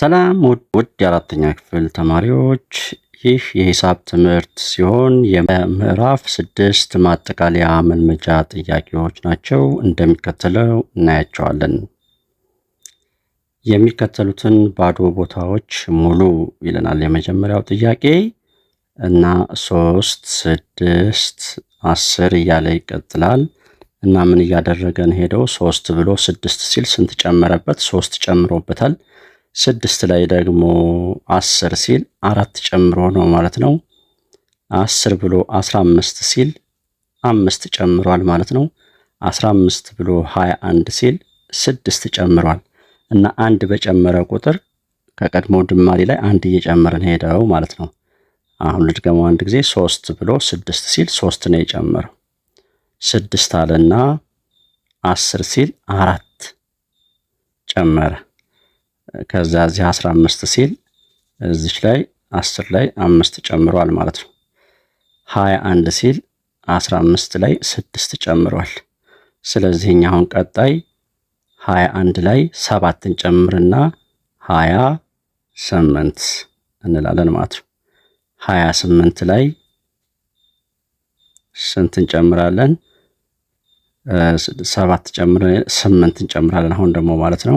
ሰላም ውድ የአራተኛ ክፍል ተማሪዎች፣ ይህ የሂሳብ ትምህርት ሲሆን የምዕራፍ ስድስት ማጠቃለያ መልመጃ ጥያቄዎች ናቸው። እንደሚከተለው እናያቸዋለን። የሚከተሉትን ባዶ ቦታዎች ሙሉ ይለናል። የመጀመሪያው ጥያቄ እና ሶስት ስድስት አስር እያለ ይቀጥላል እና ምን እያደረገን ሄደው ሶስት ብሎ ስድስት ሲል ስንት ጨመረበት? ሶስት ጨምሮበታል። ስድስት ላይ ደግሞ አስር ሲል አራት ጨምሮ ነው ማለት ነው። አስር ብሎ አስራ አምስት ሲል አምስት ጨምሯል ማለት ነው። አስራ አምስት ብሎ ሀያ አንድ ሲል ስድስት ጨምሯል እና አንድ በጨመረ ቁጥር ከቀድሞ ድማሪ ላይ አንድ እየጨመረን ሄደው ማለት ነው። አሁን ልድገመው አንድ ጊዜ ሶስት ብሎ ስድስት ሲል ሶስት ነው የጨመረው። ስድስት አለና አስር ሲል አራት ጨመረ። ከዛ እዚህ 15 ሲል እዚች ላይ 10 ላይ አምስት ጨምሯል ማለት ነው። 21 ሲል 15 ላይ ስድስት ጨምሯል። ስለዚህ እኛ አሁን ቀጣይ 21 ላይ ሰ7ትን ሰባትን ጨምርና 28 እንላለን ማለት ነው። 28 ላይ ስንት እንጨምራለን? ሰባት ጨምረን ስምንት እንጨምራለን አሁን ደግሞ ማለት ነው።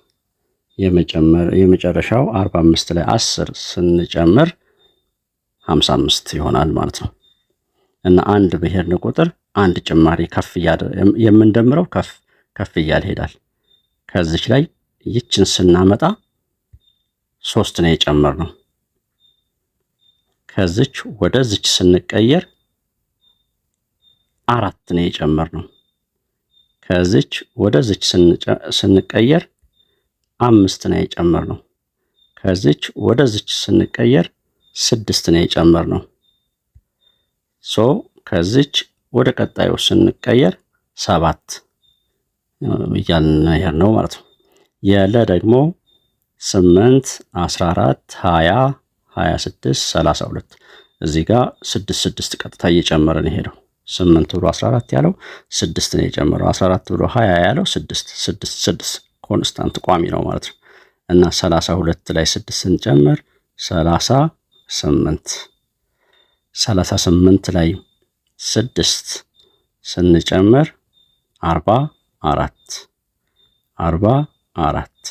የመጨረሻው 45 ላይ 10 ስንጨምር 55 ይሆናል ማለት ነው። እና አንድ ብሄርን ቁጥር አንድ ጭማሪ ከፍ የምንደምረው ከፍ ከፍ እያለ ሄዳል። ከዚች ላይ ይችን ስናመጣ ሶስት ነው የጨመርነው። ከዚች ወደዚች ስንቀየር አራት ነው የጨመርነው። ከዚች ወደዚች ስንቀየር አምስት ነው የጨመር ነው። ከዚች ወደዚች ስንቀየር ስድስት ነው የጨመር ነው። ሶ ከዚች ወደ ቀጣዩ ስንቀየር ሰባት እያልን ይሄድ ነው ማለት ነው። የለ ደግሞ ስምንት አስራ አራት ሀያ ሀያ ስድስት ሰላሳ ሁለት እዚህ ጋር ስድስት ስድስት ቀጥታ እየጨመረን የሄደው ስምንት ብሎ አስራ አራት ያለው ስድስት ነው የጨመረው። አስራ አራት ብሎ ሀያ ያለው ስድስት ስድስት ስድስት ኮንስታንት ቋሚ ነው ማለት ነው እና 32 ላይ 6 ስንጨምር 38 38 ላይ ስድስት ስንጨምር 44 44 44 አራት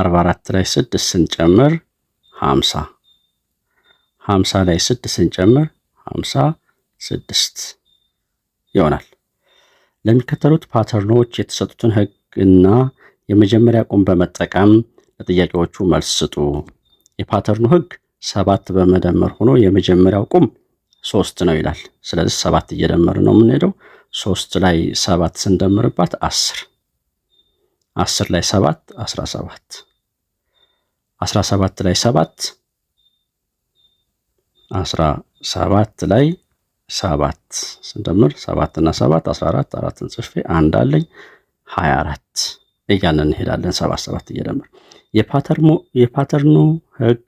አርባ አራት ላይ ስድስት ስንጨምር ሀምሳ ሀምሳ ላይ 6 ስንጨምር ሀምሳ ስድስት ይሆናል። ለሚከተሉት ፓተርኖች የተሰጡትን ህግና የመጀመሪያ ቁም በመጠቀም ለጥያቄዎቹ መልስ ስጡ። የፓተርኑ ህግ ሰባት በመደመር ሆኖ የመጀመሪያው ቁም ሶስት ነው ይላል። ስለዚህ ሰባት እየደመር ነው የምንሄደው። ሶስት ላይ ሰባት ስንደምርባት አስር፣ አስር ላይ ሰባት አስራ ሰባት፣ አስራ ሰባት ላይ ሰባት አስራ ሰባት ላይ ሰባት ስንደምር ሰባትና ሰባት አስራ አራት አራትን ጽፌ አንድ አለኝ ሀያ አራት እያልን እንሄዳለን። ሰባ ሰባት እየደመር የፓተርኑ ህግ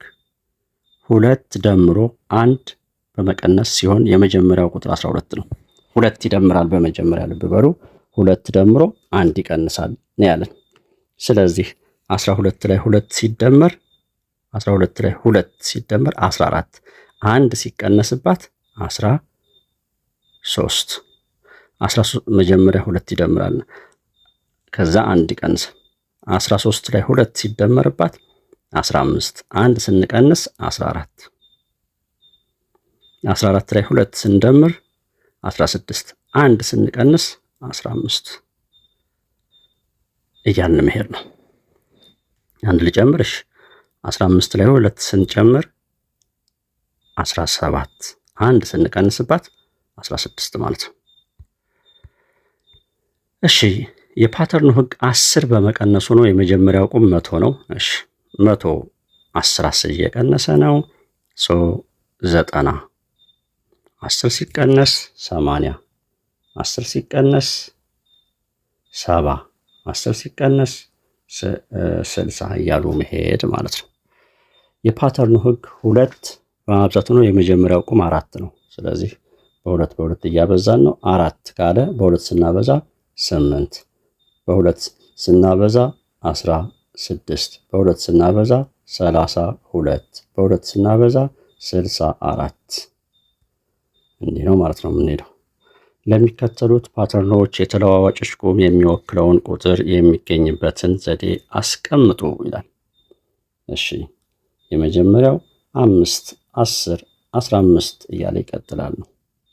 ሁለት ደምሮ አንድ በመቀነስ ሲሆን የመጀመሪያው ቁጥር 12 ነው። ሁለት ይደምራል በመጀመሪያ ልብ በሉ ሁለት ደምሮ አንድ ይቀንሳል ነው ያለን። ስለዚህ 12 ላይ ሁለት ሲደመር 12 ላይ ሁለት ሲደመር 14 አንድ ሲቀነስባት 13 መጀመሪያ ሁለት ይደምራልና ከዛ አንድ ቀንስ 13 ላይ ሁለት ሲደመርባት 15 አንድ ስንቀንስ 14 14 ላይ ሁለት ስንደምር 16 አንድ ስንቀንስ 15 እያልን መሄድ ነው። አንድ ልጨምርሽ 15 ላይ 2 ስንጨምር 17 አንድ ስንቀንስባት 16 ማለት ነው። እሺ የፓተርኑ ህግ አስር በመቀነሱ ነው። የመጀመሪያው ቁም መቶ ነው። እሺ መቶ አስር አስር እየቀነሰ ነው። ሶ ዘጠና አስር ሲቀነስ ሰማንያ አስር ሲቀነስ ሰባ አስር ሲቀነስ ስልሳ እያሉ መሄድ ማለት ነው። የፓተርኑ ህግ ሁለት በማብዛቱ ነው። የመጀመሪያው ቁም አራት ነው። ስለዚህ በሁለት በሁለት እያበዛን ነው። አራት ካለ በሁለት ስናበዛ ስምንት በሁለት ስናበዛ አስራ ስድስት በሁለት ስናበዛ ሰላሳ ሁለት በሁለት ስናበዛ ስልሳ አራት እንዲህ ነው ማለት ነው የምንሄደው። ለሚከተሉት ፓተርኖች የተለዋዋጮች ቁም የሚወክለውን ቁጥር የሚገኝበትን ዘዴ አስቀምጡ ይላል። እሺ የመጀመሪያው አምስት አስር አስራ አምስት እያለ ይቀጥላል ነው።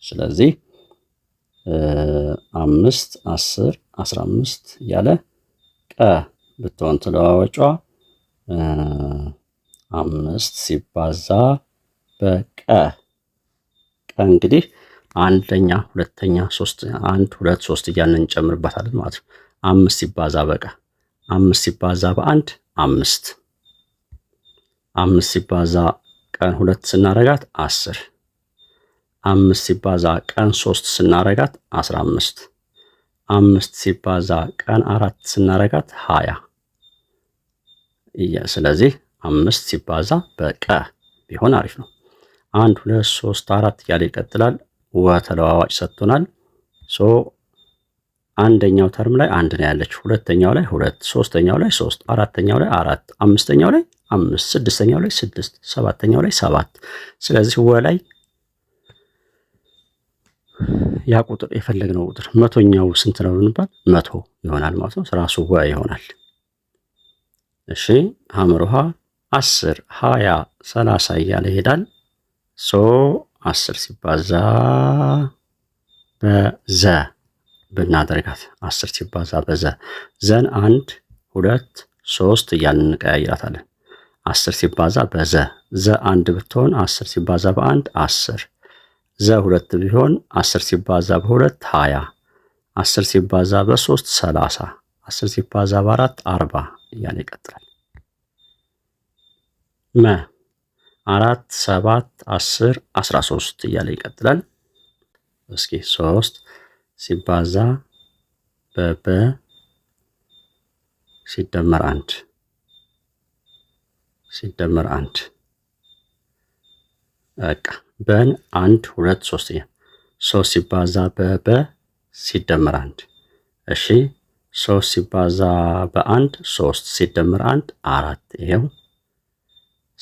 ስለዚህ አምስት አስር 15 እያለ ቀ ብትሆን ተለዋዋጯ አምስት ሲባዛ በቀ ቀ እንግዲህ አንደኛ፣ ሁለተኛ፣ ሶስት አንድ ሁለት ሶስት እያልን እንጨምርበታለን ማለት ነው። አምስት ሲባዛ በቀ አምስት ሲባዛ በአንድ አምስት አምስት ሲባዛ ቀን ሁለት ስናረጋት አስር አምስት ሲባዛ ቀን ሶስት ስናረጋት አስራ አምስት አምስት ሲባዛ ቀን አራት ስናረጋት ሀያ ስለዚህ አምስት ሲባዛ በቀ ቢሆን አሪፍ ነው። አንድ ሁለት ሶስት አራት እያለ ይቀጥላል። ወ ተለዋዋጭ ሰጥቶናል። ሶ አንደኛው ተርም ላይ አንድ ነው ያለች፣ ሁለተኛው ላይ ሁለት፣ ሶስተኛው ላይ ሶስት፣ አራተኛው ላይ አራት፣ አምስተኛው ላይ አምስት፣ ስድስተኛው ላይ ስድስት፣ ሰባተኛው ላይ ሰባት። ስለዚህ ወ ላይ ያ ቁጥር የፈለግነው ቁጥር መቶኛው ስንት ነው ብንባል መቶ ይሆናል ማለት ነው። ስራሱ ወ ይሆናል። እሺ ሀምር ውሃ አስር ሀያ ሰላሳ እያለ ይሄዳል። ሶ አስር ሲባዛ በዘ ብናደርጋት አስር ሲባዛ በዘ ዘን አንድ ሁለት ሶስት እያልን እንቀያይራታለን። አስር ሲባዛ በዘ ዘ አንድ ብትሆን አስር ሲባዛ በአንድ አስር ዘ ሁለት ቢሆን አስር ሲባዛ በሁለት ሀያ አስር ሲባዛ በሶስት ሰላሳ አስር ሲባዛ በአራት አርባ እያለ ይቀጥላል። መ አራት ሰባት አስር አስራ ሶስት እያለ ይቀጥላል። እስኪ ሶስት ሲባዛ በበ ሲደመር አንድ ሲደመር አንድ በቃ በን አንድ ሁለት ሶስት ሶስት ሲባዛ በበ ሲደመር አንድ እሺ ሶስት ሲባዛ በአንድ ሶስት ሲደመር አንድ አራት ይሄው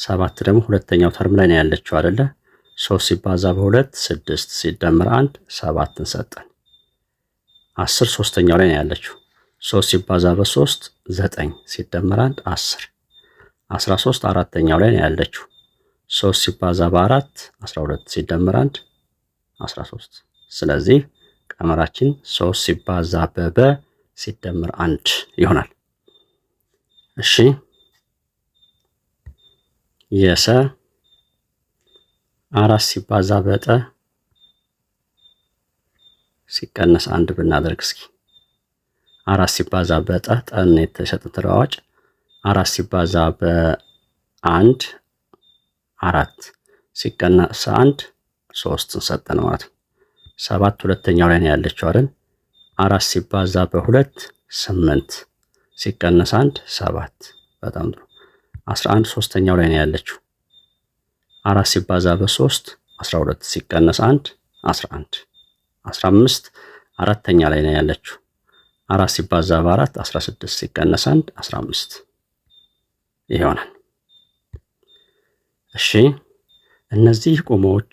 ሰባት ደግሞ ሁለተኛው ተርም ላይ ነው ያለችው አደለ። ሶስት ሲባዛ በሁለት ስድስት ሲደመር አንድ ሰባትን ሰጠን አስር ሶስተኛው ላይ ነው ያለችው ሶስት ሲባዛ በሶስት ዘጠኝ ሲደመር አንድ አስር አስራ ሶስት አራተኛው ላይ ነው ያለችው 3 ሲባዛ በ 4 ሁለት ሲደመር አንድ አስራ ስለዚህ ቀመራችን 3 ሲባዛ በበ ሲደመር አንድ ይሆናል። እሺ የሰ አራት ሲባዛ በጠ ሲቀነስ አንድ ብናደርግ እስኪ አራት ሲባዛ በጠ ጠን የተሰጠ ተለዋዋጭ አራት ሲባዛ በአንድ አራት ሲቀነስ አንድ ሶስት ሰጠን ማለት ነው። ሰባት ሁለተኛው ላይ ነው ያለችው አይደል? አራት ሲባዛ በሁለት ስምንት ሲቀነስ አንድ ሰባት። በጣም ጥሩ። አስራ አንድ ሶስተኛው ላይ ነው ያለችው። አራት ሲባዛ በሶስት አስራ ሁለት ሲቀነስ አንድ አስራ አንድ። አስራ አምስት አራተኛ ላይ ነው ያለችው። አራት ሲባዛ በአራት አስራ ስድስት ሲቀነስ አንድ አስራ አምስት ይሆናል። እሺ እነዚህ ቁሞች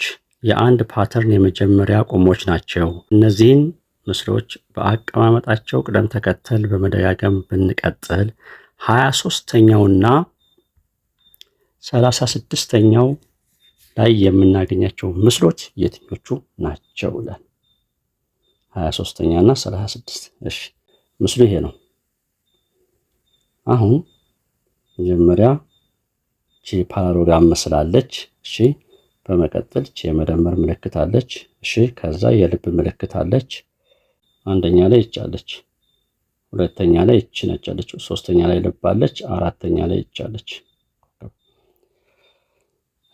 የአንድ ፓተርን የመጀመሪያ ቁሞች ናቸው። እነዚህን ምስሎች በአቀማመጣቸው ቅደም ተከተል በመደጋገም ብንቀጥል ሀያ ሶስተኛውና ሰላሳ ስድስተኛው ላይ የምናገኛቸው ምስሎች የትኞቹ ናቸው ይላል። ሀያ ሶስተኛ እና ሰላሳ ስድስት እሺ ምስሉ ይሄ ነው። አሁን መጀመሪያ ፓራሎግራም መስላለች እሺ። በመቀጠል ቺ የመደመር ምልክት አለች እሺ። ከዛ የልብ ምልክት አለች። አንደኛ ላይ ይቻለች፣ ሁለተኛ ላይ እቺ ነጫለች፣ ሶስተኛ ላይ ልብ አለች፣ አራተኛ ላይ ይቻለች።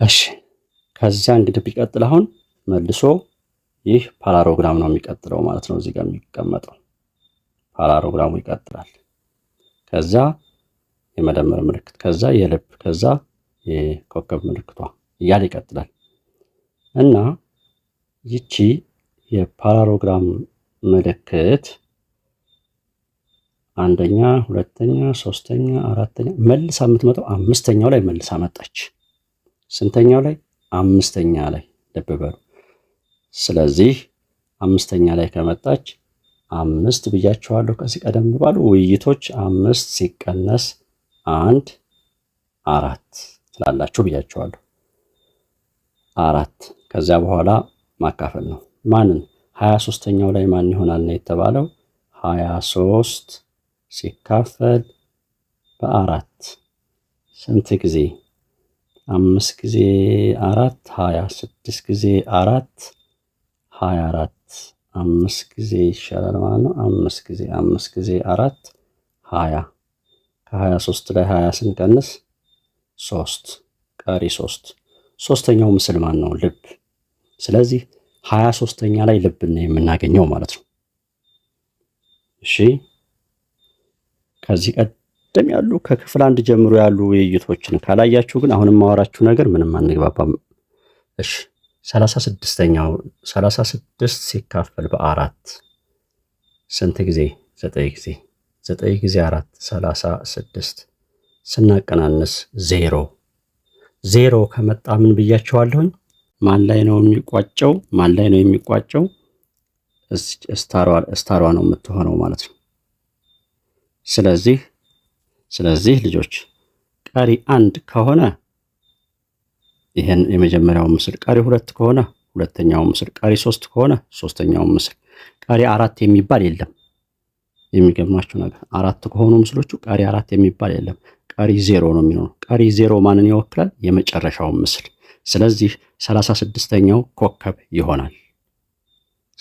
እሺ ከዛ እንግዲህ ቢቀጥል አሁን መልሶ ይህ ፓራሮግራም ነው የሚቀጥለው ማለት ነው። እዚህ ጋር የሚቀመጠው ፓራሮግራሙ ይቀጥላል። ከዛ የመደመር ምልክት፣ ከዛ የልብ፣ ከዛ የኮከብ ምልክቷ እያለ ይቀጥላል እና ይቺ የፓራሎግራም ምልክት አንደኛ፣ ሁለተኛ፣ ሶስተኛ፣ አራተኛ መልሳ የምትመጣው አምስተኛው ላይ መልሳ መጣች። ስንተኛው ላይ? አምስተኛ ላይ ልብ በሉ። ስለዚህ አምስተኛ ላይ ከመጣች አምስት ብያችኋለሁ ከዚህ ቀደም ባሉ ውይይቶች አምስት ሲቀነስ አንድ አራት ትላላችሁ ብያቸዋለሁ። አራት ከዚያ በኋላ ማካፈል ነው። ማንን ሀያ ሶስተኛው ላይ ማን ይሆናል ነው የተባለው? ሀያ ሶስት ሲካፈል በአራት ስንት ጊዜ? አምስት ጊዜ አራት ሀያ ስድስት ጊዜ አራት ሀያ አራት አምስት ጊዜ ይሻላል ማለት ነው። አምስት ጊዜ አምስት ጊዜ አራት ሀያ ከሀያ ሶስት ላይ ሀያ ስንቀንስ ሶስት ቀሪ ሶስት ሶስተኛው ምስል ማን ነው? ልብ። ስለዚህ ሀያ ሶስተኛ ላይ ልብ ነው የምናገኘው ማለት ነው። እሺ ከዚህ ቀደም ያሉ ከክፍል አንድ ጀምሮ ያሉ ውይይቶችን ካላያችሁ ግን አሁንም ማወራችሁ ነገር ምንም አንግባባም። እሺ ሰላሳ ስድስተኛው ሰላሳ ስድስት ሲካፈል በአራት ስንት ጊዜ? ዘጠኝ ጊዜ። ዘጠኝ ጊዜ አራት ሰላሳ ስድስት ስናቀናንስ ዜሮ ዜሮ ከመጣ ምን ብያቸዋለሁኝ? ማን ላይ ነው የሚቋጨው? ማን ላይ ነው የሚቋጨው? ስታሯ ነው የምትሆነው ማለት ነው። ስለዚህ ስለዚህ ልጆች ቀሪ አንድ ከሆነ ይህን የመጀመሪያው ምስል፣ ቀሪ ሁለት ከሆነ ሁለተኛው ምስል፣ ቀሪ ሶስት ከሆነ ሶስተኛው ምስል፣ ቀሪ አራት የሚባል የለም። የሚገርማችሁ ነገር አራት ከሆኑ ምስሎቹ ቀሪ አራት የሚባል የለም። ቀሪ ዜሮ ነው የሚሆነው። ቀሪ ዜሮ ማንን ይወክላል? የመጨረሻውን ምስል። ስለዚህ ሰላሳ ስድስተኛው ኮከብ ይሆናል።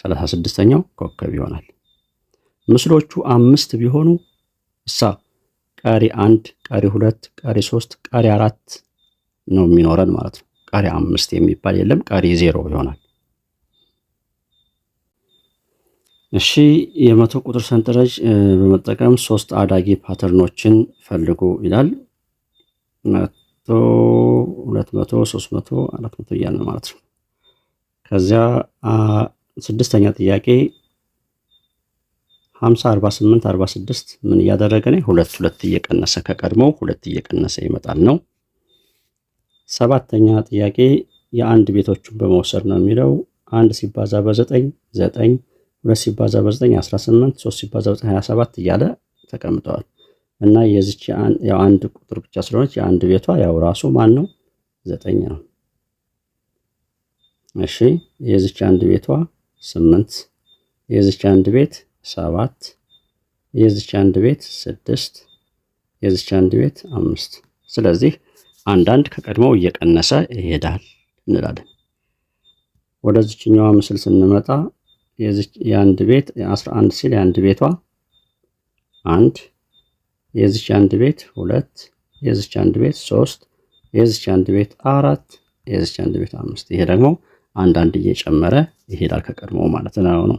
ሰላሳ ስድስተኛው ኮከብ ይሆናል። ምስሎቹ አምስት ቢሆኑ እሳ ቀሪ አንድ፣ ቀሪ ሁለት፣ ቀሪ ሶስት፣ ቀሪ አራት ነው የሚኖረን ማለት ነው። ቀሪ አምስት የሚባል የለም። ቀሪ ዜሮ ይሆናል። እሺ የመቶ ቁጥር ሰንጠረዥ በመጠቀም ሶስት አዳጊ ፓተርኖችን ፈልጉ ይላል። መቶ ሁለት መቶ ሶስት መቶ አራት መቶ እያለ ማለት ነው። ከዚያ ስድስተኛ ጥያቄ ሀምሳ አርባ ስምንት አርባ ስድስት ምን እያደረገ ነው? ሁለት ሁለት እየቀነሰ ከቀድሞ ሁለት እየቀነሰ ይመጣል ነው። ሰባተኛ ጥያቄ የአንድ ቤቶቹን በመውሰድ ነው የሚለው አንድ ሲባዛ በዘጠኝ ዘጠኝ ሁለት ሲባዛ በዘጠኝ አስራ ስምንት ሶስት ሲባዛ በዘጠኝ ሀያ ሰባት እያለ ተቀምጠዋል። እና የዚች ያው አንድ ቁጥር ብቻ ስለሆነች የአንድ ቤቷ ያው ራሱ ማን ነው ዘጠኝ ነው። እሺ የዚች አንድ ቤቷ ስምንት የዚች አንድ ቤት ሰባት የዚች አንድ ቤት ስድስት የዚች አንድ ቤት አምስት። ስለዚህ አንዳንድ ከቀድሞው እየቀነሰ ይሄዳል እንላለን። ወደ ዚችኛዋ ምስል ስንመጣ የዚች የአንድ ቤት 11 ሲል የአንድ ቤቷ አንድ የዚች አንድ ቤት ሁለት የዚች አንድ ቤት ሶስት የዚች አንድ ቤት አራት የዚች አንድ ቤት አምስት። ይሄ ደግሞ አንድ አንድ እየጨመረ ይሄዳል ከቀድሞ ማለት ነው ነው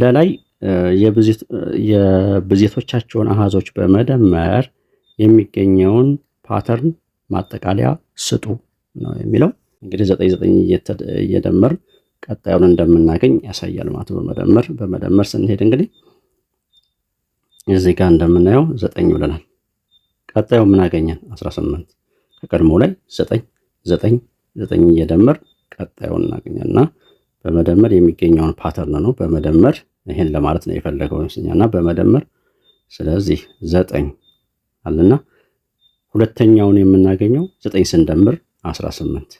ለላይ የብዜቶቻቸውን አሃዞች በመደመር የሚገኘውን ፓተርን ማጠቃለያ ስጡ ነው የሚለው። እንግዲህ ዘጠኝ ዘጠኝ እየደመር ቀጣዩን እንደምናገኝ ያሳያል ማለት ነው። በመደመር በመደመር ስንሄድ እንግዲህ እዚህ ጋር እንደምናየው ዘጠኝ ብለናል። ቀጣዩ ምን አገኘን? 18 ከቀድሞ ላይ ዘጠኝ ዘጠኝ ዘጠኝ እየደመር ቀጣዩን እናገኛልና በመደመር የሚገኘውን ፓተርን ነው በመደመር ይሄን ለማለት ነው የፈለገው ይመስለኛልና በመደመር ስለዚህ ዘጠኝ አለና ሁለተኛውን የምናገኘው ዘጠኝ ስንደምር 18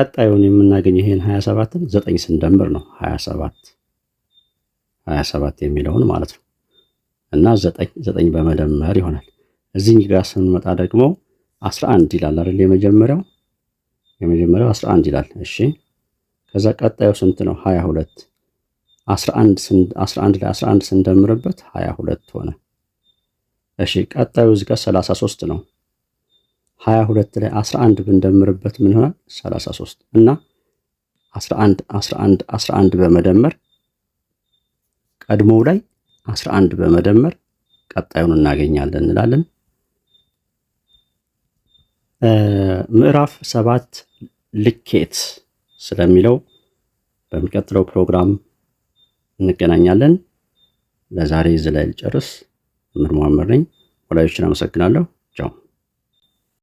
ቀጣዩን የምናገኝ ይሄን 27ን ዘጠኝ ስንደምር ነው 27 27 የሚለውን ማለት ነው እና ዘጠኝ ዘጠኝ በመደመር ይሆናል። እዚህ ጋር ስንመጣ ደግሞ 11 ይላል አይደል? የመጀመሪያው የመጀመሪያው 11 ይላል። እሺ ከዛ ቀጣዩ ስንት ነው? 22 11 11 ላይ 11 ስንደምርበት 22 ሆነ። እሺ ቀጣዩ እዚህ ጋር 33 ነው 22 ላይ 11 ብንደምርበት ምን ይሆናል? 33 እና 11 11 11 በመደመር ቀድሞው ላይ 11 በመደመር ቀጣዩን እናገኛለን እንላለን። ምዕራፍ ሰባት ልኬት ስለሚለው በሚቀጥለው ፕሮግራም እንገናኛለን። ለዛሬ እዚህ ላይ ልጨርስ። ምርማመር ወላጆችን አመሰግናለሁ። ቻው